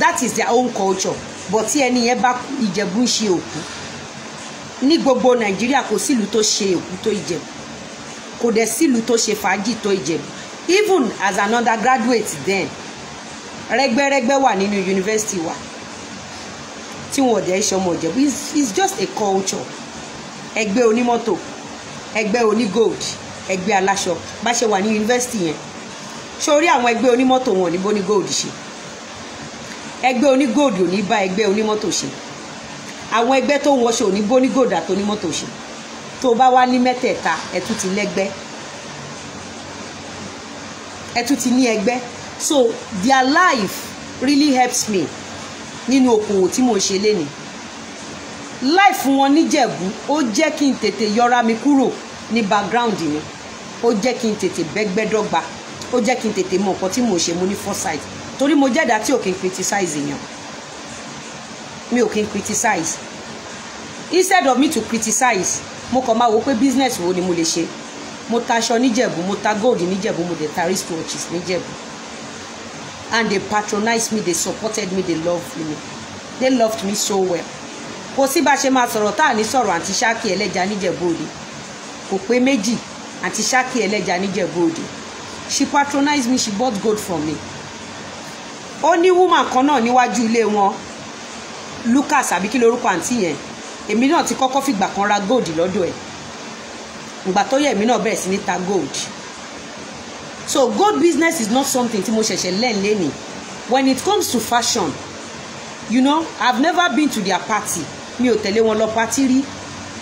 that is their own culture but tí ẹni yẹn bá ìjẹ̀bú ń ṣe òkú ní gbogbo nàìjíríà kò sílùú tó ṣe òkú tó ìjẹ̀bú kò dẹ̀ sílùú tó ṣe fàájì tó ìjẹ̀bú even as an undergraduate then rẹ́gbẹ́rẹ́gbẹ́ wà nínú yunifásitì wa tí wọn ò dẹ́ ṣe ọmọ Ìjẹ̀bú it's just a culture ẹgbẹ́ onímọ́tò ẹgbẹ́ onígold ẹgbẹ́ aláṣọ bá ṣe wà ní yunifásitì yẹn sórí àwọn ẹgbẹ́ onímọ́tò wọn ò ní bó ní gold ṣe ẹgbẹ́ onígold ò ní bá ẹgbẹ́ onímọ́tò ṣe àwọn ẹgbẹ́ tó ń wọṣọ ò ní bó ní gold àtònímọ́tò ṣe tó bá wá ní mẹ́tẹ̀ẹ̀ta ẹ tún ti lẹ́gbẹ́ ẹ tún ti ní ẹgbẹ́ so their life really helps me nínú okòwò tí mo ṣe lénìí life wọn níjẹ̀bú ó jẹ́ kí n tètè yọra mi kúrò ní background mi ó jẹ́ kí n tètè bẹ́gbẹ́ dọ́gba ó jẹ́ kí n tètè mọ nǹkan tí mo ṣe mo ní foresight torí mo jẹ́dá tí ò criticize èèyàn mi ò kí n criticize instead of me to criticize mo kàn máa wò pé business wo ni mo lè ṣe mo ta aṣọ níjẹ̀bú mo ta gold níjẹ̀bú mo dẹ̀ ta wristwatches níjẹ̀bú and they patronized me they supported me they loved me they loved me so well kò sí bá a ṣe máa sọ̀rọ̀ tá à ní sọ̀rọ̀ àǹtí ṣáàkì ẹlẹ́ja níjẹ̀bú-òde kò pé méjì àǹtí she patronized me she bought gold from me Only woman kan ni níwájú ilé wọn Lucas àbí kí lorúkọ àǹtí yẹn èmi náà ti kọ́kọ́ fìgbà kan ra gold lọ́dọ̀ ẹ̀ ìgbà tó yẹ èmi náà bẹ̀rẹ̀ sí ní ta gold so gold business is not something tí mo ṣẹ̀ṣẹ̀ learn learning. when it comes to fashion you know I've never been to their party mi ò tẹ̀lé wọn lọ party rí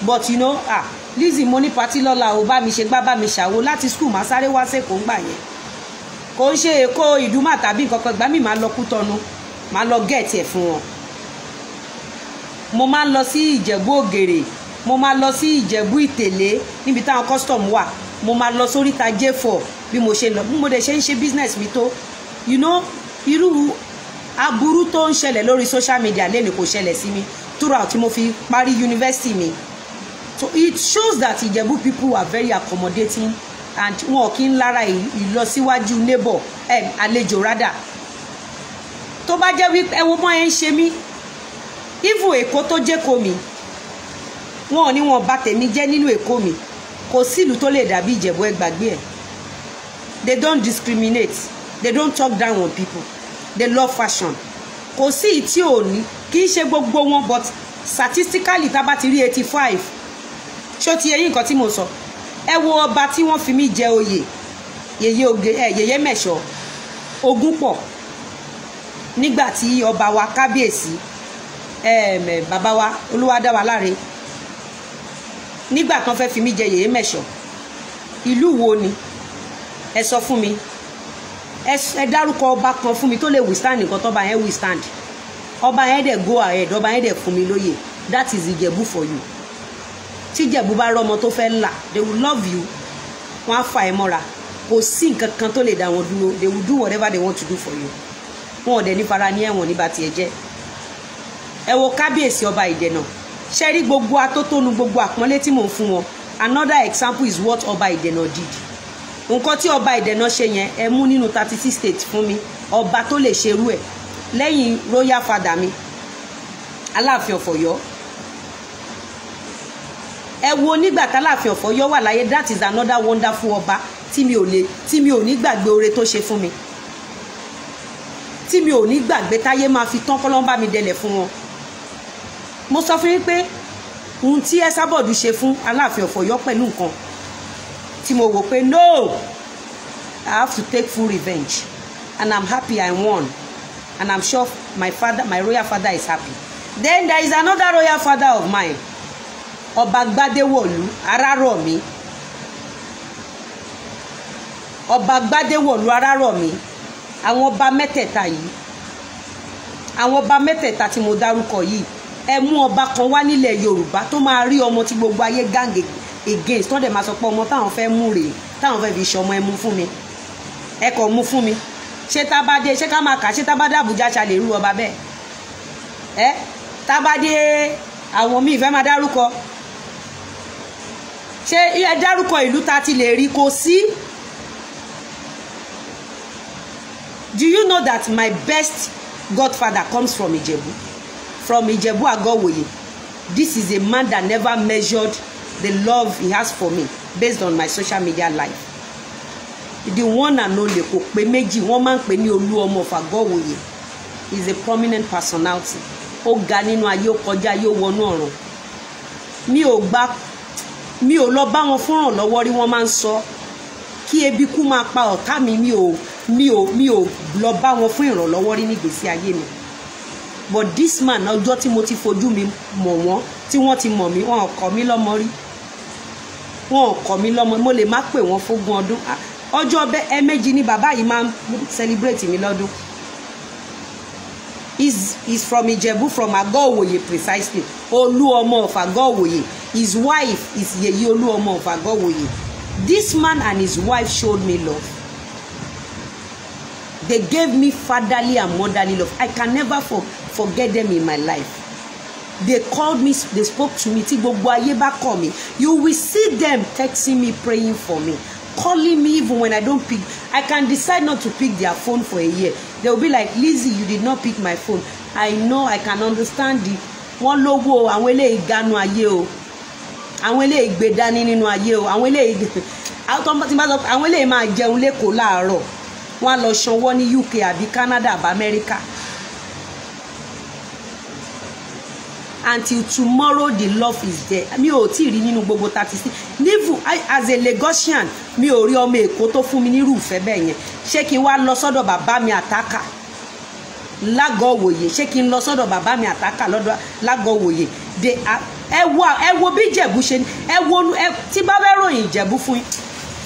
but you know ah Lizzy money party lọ́la o bá mi ṣe gbá bá mi ṣàwo láti school máa sáré wá sẹ́kọ̀ọ́ ńgbà yẹn kò ń ṣe èkó ìdúmà tàbí nǹkan ìgbà mi máa lọ Kútọ́nù máa lọ gẹ̀ẹ́tì ẹ̀ fún wọn mo máa ń lọ sí Ìjẹ̀bú Ògèrè mo máa lọ sí Ìjẹ̀bú Ìtèlé níbi táwọn custom wà mo máa lọ sóríta j4 bí mo ṣe lọ bí mo dẹ̀ ṣe ń ṣe business mi tó you know irú aburú tó ń ṣẹlẹ̀ lórí social media lẹ́nu kò ṣẹlẹ̀ sí mi throughout tí mo fi parí university mi so it shows that Ìjẹ̀bú people are very accommodating and wọn kì í lára ìlọsíwájú neighbor eh, àlejò rádà tó bá jẹ́ wípé ẹ̀wọ̀ mọ́ ẹ ń ṣe mí even èkó tó jẹ́ kó mi wọn ò ní wọn bà tèmi jẹ́ nínú èkó mi kò sí ìlú tó lè dàbí ìjẹ̀bú ẹ ẹ̀ they don't discriminate they don't talk down on people they love fashion kò sí ìyí tí ò ní kì í ṣe gbogbo wọn but statistically tá a bá ti rí eighty five ṣó ti eyín nǹkan tí mo sọ ẹ wo ọba tí wọ́n fi mí jẹ oyè yèyé oge ẹ yèyé mẹ̀ṣọ́ ogún pọ̀ nígbà tí ọba wa kábíyèsí bàbá wa olúwadáwa láre nígbà kan fẹ́ fi mí jẹ yèé mẹ̀ṣọ́ ìlú wo ni ẹ sọ fún mi ẹ dárúkọ ọba kan fún mi tó lè withstand nǹkan tọ́ba yẹn withstand ọba yẹn dẹ̀ go ahead ọba yẹn dẹ̀ fún mi lóye that is ìjẹ̀bú for you tí ìjẹ̀bú bá rọ́mọ tó fẹ́ là they will love you wọ́n á fà ẹ́ mọ́ra kò sí nǹkan kan tó lè dá wọn dúró they will do whatever they want to do for you wọn ò dẹ̀ ní fara ní ẹ̀wọ̀n nígbà tí ẹ jẹ́ ẹ wo kábíyèsí ọba ìdẹ̀nà ṣe rí gbogbo atótónu gbogbo àpọ́nlé tí mò ń fún wọn another example is what ọba ìdènà did nǹkan tí ọba ìdènà ṣe yẹn ẹ mú nínú thirty six states fún mi ọba tó lè ṣerú ẹ lẹ́yìn royal father mi aláàfin ọ̀fọ̀yọ́ ẹ wo nígbà táláàfin ọ̀fọ̀yọ́ wà láyé that is another wonderful ọba tí mi ò lè tí mi ò ní gbàgbé oore tó ṣe fún mi tí mi ò ní gbàgbé táyé máa fi tán kọ́lọ́mbà mi dẹlẹ̀ fún wọn mo sọ fún yín pé ohun tí Esabod ṣe fún aláàfin of Ọ̀yọ́ pẹ̀lú nǹkan tí mo wò pé no i have to take full revenge and i'm happy i won and i'm sure my father my royal father is happy then there is another royal father of mine ọba gbadewọlu arárọ̀mí ọba gbadewọlu arárọ̀mí àwọn ọba mẹ́tẹ̀ẹ̀ta yìí àwọn ọba mẹ́tẹ̀ẹ̀ta tí mo dárúkọ yìí ẹ mú ọba kan wá nílẹ̀ yorùbá tó máa rí ọmọ tí gbogbo ayé gàǹgè against tọ́dẹ̀ máa sọ pé ọmọ táwọn fẹ́ mú rèé táwọn fẹ́ fi ṣọmọ ẹ mú fún mi ẹ kò mú fún mi ṣé tá ṣé ká máa kà ṣé tá bá dé àbújá rú ọba bẹ́ẹ̀ ẹ tá àwọn míì fẹ́ máa dárúkọ ṣé ẹ dárúkọ ìlú ta ti lè rí kò sí. Do you know that my best godfather comes from Ijebu? from Ijebu Agowoye this is a man that never measured the love he has for me based on my social media life the one and only kò pé méjì wọ́n máa ń pè ní olú ọmọ of Agowoye is a prominent personality ó ga nínú ayé ó kọjá ayé ó wọnú ọ̀run mi ò gbà mi ò lọ bá wọn fúnràn lọ́wọ́ rí wọ́n máa ń sọ kí ebi kú máa pa ọ̀tá mi mi ò mi ò mi ò lọ bá wọn fún ìrànlọ́wọ́ rí nígbésí ayé mi but this man ọjọ́ tí mo ti fojú mi mọ̀ wọ́n tí wọ́n ti mọ̀ mí wọn ò kọ́ mi lọ́mọ rí wọn ò kọ́ mi lọ́mọ mo lè má pè wọ́n fógún ọdún ah, ọjọ́ bẹ́ ẹ̀ẹ̀mejì ni bàbá yìí máa ń celebrate mi lọ́dún is is from Ijebu from Agọ́wòye precisely olú ọmọ of Agọ́wòye his wife is Yèyé olú ọmọ of Agọ́wòye this man and his wife showed me love They gave me fatherly and motherly love. I can never for, forget them in my life. They called me, they spoke to me. Tí gbogbo ayé bá kọ̀ mí. You will see them texting me, praying for me, calling me even when I don't pick. I can decide not to pick their phone for a year. They will be like, Lizzie, you did not pick my phone. I know, I can understand the wọ́n lówó àwọn eléyìí ganu ayé o àwọn eléyìí gbé dání nínú ayé o àwọn eléyìí àwọn eléyìí máa jẹun lẹ́kọ̀ọ́ láàárọ̀ wọ́n á lọ ṣọwọ́ ní UK àbí Canada àbí America until tomorrow the love is there mi ò tí ì rí nínú gbogbo thirty six nivu as a Lagosian mi ò rí ọmọ Èkó tó fún mi nírú ìfẹ́ bẹ́ẹ̀ yẹn ṣé kí n wá lọ sọ́dọ̀ bàbá mi àtàkà lágọ̀ọ́ wòye ṣé kí n lọ sọ́dọ̀ bàbá mi àtàkà lọ́dọ̀ lágọ̀ọ́ wòye de ẹ wo ẹ wo bí Ìjẹ̀bú ṣe ni ẹ wo tí bá bẹ́ ròyìn Ìjẹ̀bú fún yín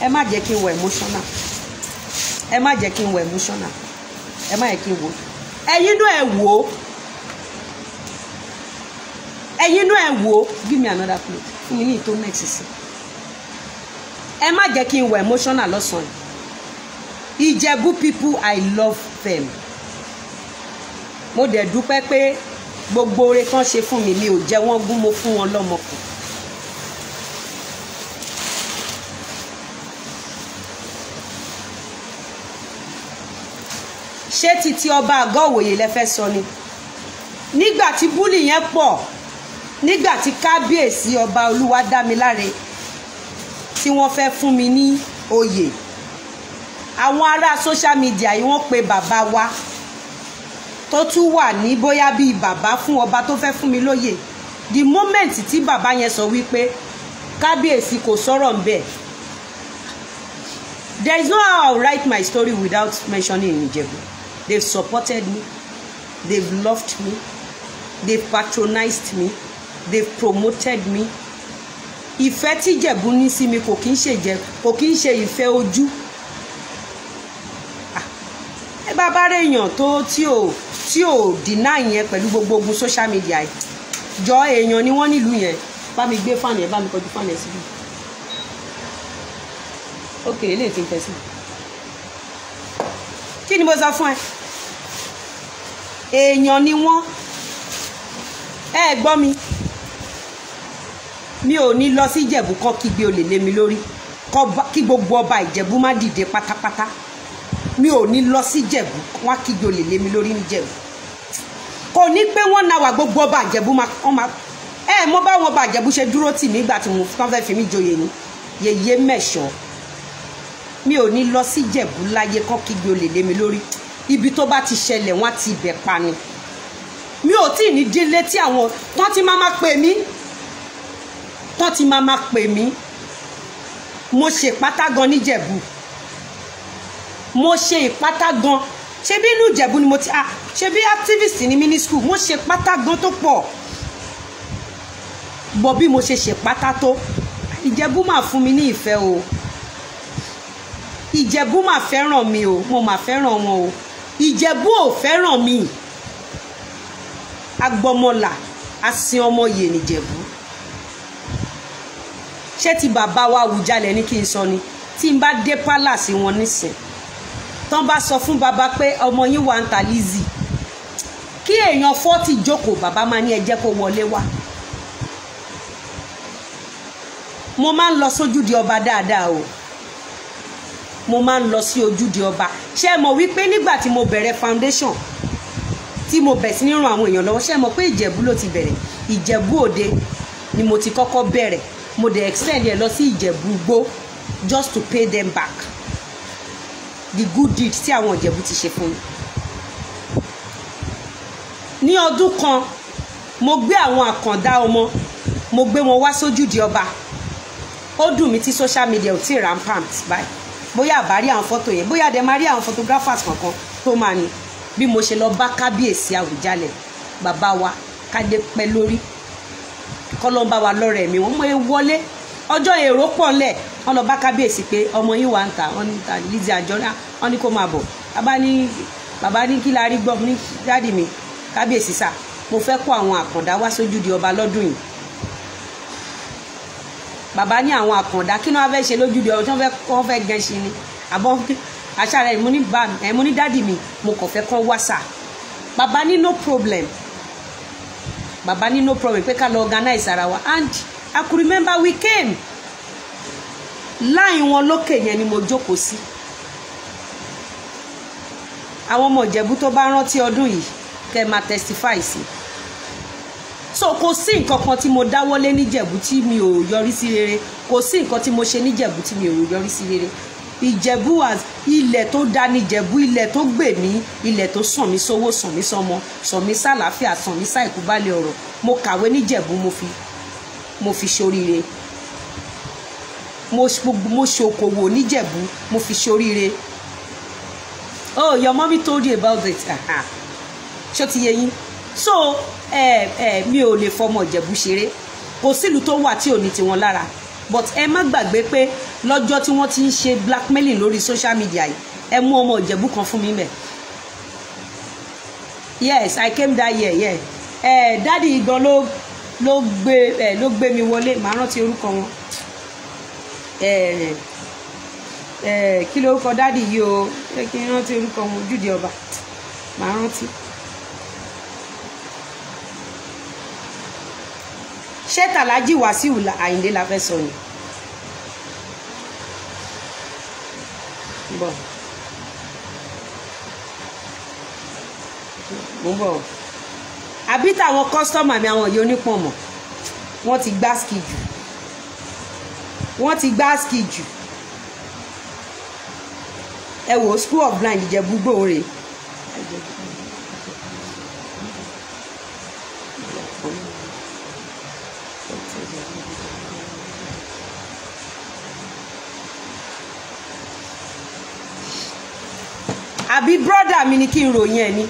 ẹ má jẹ́ kí n wọ emotional ẹ má jẹ́ kí n wọ emotional ẹ má yẹ kí n wò ẹ̀yin náà ẹ wò ó ẹ̀yin náà ẹ wò ó give me another plate fún mi ní ìtò next season. ẹ má jẹ́ kí n wọ emotional lọ́sàn-án ìjẹ̀bú people i love them mo dẹ̀ dúpẹ́ pé gbogbo oore kan ṣe fún mi mi ò jẹ́ wọ́n gún mo fún wọn lọ́mọkùnrin. ṣé titi ọba àgọ́ òwòye lẹ sọ ni nígbà tí búlì yẹn pọ̀ nígbà tí kábíyèsí ọba olúwadámiláre tí wọ́n fẹ́ fún mi ní oyè àwọn ará social media yìí wọ́n pe bàbá wa tó tún wà ní bóyá bíi bàbá fún ọba tó fẹ́ fún mi lóyè the moment tí bàbá yẹn sọ wípé kábíyèsí kò sọ̀rọ̀ ńbẹ̀ there is no how i write my story without mentioning Ìjẹ̀bú they've supported me they've loved me they've patronized me they've promoted me ìfẹ́ tí jẹ̀bú ní sí mi kò kí ń ṣe jẹ kò kí ń ṣe ìfẹ́ ojú ah, ẹ bá bá rèèyàn tó tí ò tí ò dínà yẹn pẹ̀lú gbogbo ogun social media yìí jọ èèyàn ni wọ́n nílùú yẹn bá mi gbé fáànù yẹn bá mi kọjú fáànù yẹn síbi ok eléyìí ti ń fẹ́ sí i kí ni mo sọ fún ẹ èèyàn ni wọ́n ẹ gbọ́ mi mi ò ní lọ sí ìjẹ̀bú kọ́ kígbe olè lé mi lórí kí gbogbo ọba ìjẹ̀bú má dìde pátápátá mi ò ní lọ sí ìjẹ̀bú wọ́n kígbe olè lé mi lórí ní ìjẹ̀bú kò ní pé wọ́n náwà gbogbo ọba ìjẹ̀bú má ẹ mo bá wọn ọba ìjẹ̀bú ṣe dúró tì mí ìgbà tí mo fẹ́ fi mí joyè ni yèyé mẹ́sọ̀ọ́ mi ò ní lọ sí jẹ̀bú láyé kọ́ kígbe olè lé mi lórí ibi tó bá ti ṣẹlẹ̀ wọ́n ti ibẹ̀ pa ni mi ò tí ì ní délé tí àwọn tán ti máa máa pè mí tán ti máa máa pè mí mo ṣe ìpátá gan níjẹ̀bú mo ṣe ìpátá gan ṣebí inú ìjẹ̀bú ni mo ti ah ṣebí activist ni mí ní school mo ṣe ìpátá gan tó pọ̀ bọ̀ bí mo ṣe ṣe ìpátá tó ìjẹ̀bú máa fún mi ní ìfẹ́ o ìjẹ̀bú mà fẹ́ràn mi o mo mà fẹ́ràn wọn o ìjẹ̀bú ò fẹ́ràn mi agbọmọlà asin ọmọ yè nìjẹ̀bú ṣé ti bàbá wa Awùjalẹ̀ ní kí n sọ ni tí n bá dé pálàsì wọn nísìn tán bá sọ fún bàbá pé ọmọ yín wà ń ta Lizzy kí èèyàn fọ́tì jókòó bàbá máa ní ẹ jẹ́ kó wọlé wá mo máa ń lọ sójú di ọba dáadáa o mo máa ń lọ sí ojúde ọba ṣé ẹ mọ̀ wípé nígbà tí mo bẹ̀rẹ̀ foundation tí mo bẹ̀ sí ní ran àwọn èèyàn lọ́wọ́ ṣé ẹ mọ̀ pé ìjẹ̀bú ló ti bẹ̀rẹ̀ ìjẹ̀bú òde ni mo ti kọ́kọ́ bẹ̀rẹ̀ mo dẹ̀ extend ẹ̀ lọ sí ìjẹ̀bú gbó just to pay them back the good deed tí àwọn ìjẹ̀bú ti ṣe fún mi. ní ọdún kan mo gbé àwọn àkàndá ọmọ mo gbé wọn wá sójúde ọba ó dùn mí tí social media ò tí ì rampant báyìí bóyá àbá rí àwọn fọ́tò yẹn bóyá dẹ̀ máa rí àwọn photographers kankan tó máa ní bí mo ṣe lọ bá kábíyèsí àwùjalẹ̀ bàbá wa kádé pẹ́ lórí kọ́lọ́mbà wa lọ́rẹ̀ mi wọ́n mọ̀ ẹ́ wọlé ọjọ́ èrò pọ̀ lẹ̀ wọ́n lọ bá kábíyèsí pé ọmọ yìí wà ń ta wọ́n ní ta Lizzy Anjorin ah, wọ́n ní kó máa bọ̀ bàbá ní bàbá ní kí la rí gbọ́ ní dáàdì mi kábíyèsí sà mo fẹ́ kó àwọn àkàndá wá sójúde ọba lọ́dún yìí bàbá ní àwọn àkàndá kí ni wọ́n fẹ́ ṣe lójú bí ọ̀rọ̀ tí wọ́n fẹ́ gan ṣe ni àbọ̀ àṣàrà ẹ̀ mo ní bá ẹ̀ mo ní dádì mi mo kàn fẹ́ kán wá bàbá ní no problem bàbá ní no problem pé ká lọ organize ara wa and I could remember we came láì wọn lókè yẹn ni mo jókòó sí àwọn ọmọ ìjẹ̀bú tó bá rántí ọdún yìí kẹ́ ẹ máa testify sí i so kò sí nǹkan kan tí mo dáwọ́lé níjẹ̀bú tí mi ò yọrí sí rere kò sí nǹkan tí mo ṣe níjẹ̀bú tí mi ò yọrí sí rere ìjẹ̀bú ilẹ̀ tó dá níjẹ̀bú ilẹ̀ tó gbè mí ilẹ̀ tó sàn mí sówó sàn mí sọmọ sàn mí sàlàáfíà sàn mí sàìkúbálẹ̀ ọ̀rọ̀ mo kàwé níjẹ̀bú mo fi ṣoríire mo ṣokòwò níjẹ̀bú mo fi ṣoríire oh your mommy told you about it ah, ah. ṣó ti yẹ yín so ẹ ẹ mi ò lè fọmọ ìjẹ̀bú ṣeré kò sílùú tó wà tí ò ní tiwọn lára but ẹ má gbàgbé pé lọ́jọ́ tí wọ́n ti ń ṣe blackmailing lórí social media yìí ẹ mú ọmọ ìjẹ̀bú kan fún mi mẹ́ yes i came that year yeah ẹ daddy, ìgbọ́n ló ló gbé ẹ ló gbé mi wọlé màá rántí orúkọ wọn ẹ ẹ kí lórúkọ dáàdi yìí o ẹ kí n rántí orúkọ wọn ojúde ọba màá rántí. ṣé tàlájì wàsíù àyíndé la fẹ́ sọ yìí. bọ̀ mo bọ̀ àbí táwọn kọ́sítọ́mà mi àwọn yìí onípọ̀mọ̀ wọ́n ti gbá ski jù wọ́n ti gbá ski jù ẹ wò school of blind jẹ gbúgbòó rèé. àbí brọ́dà mi ni kí n ròyìn ẹ̀ ni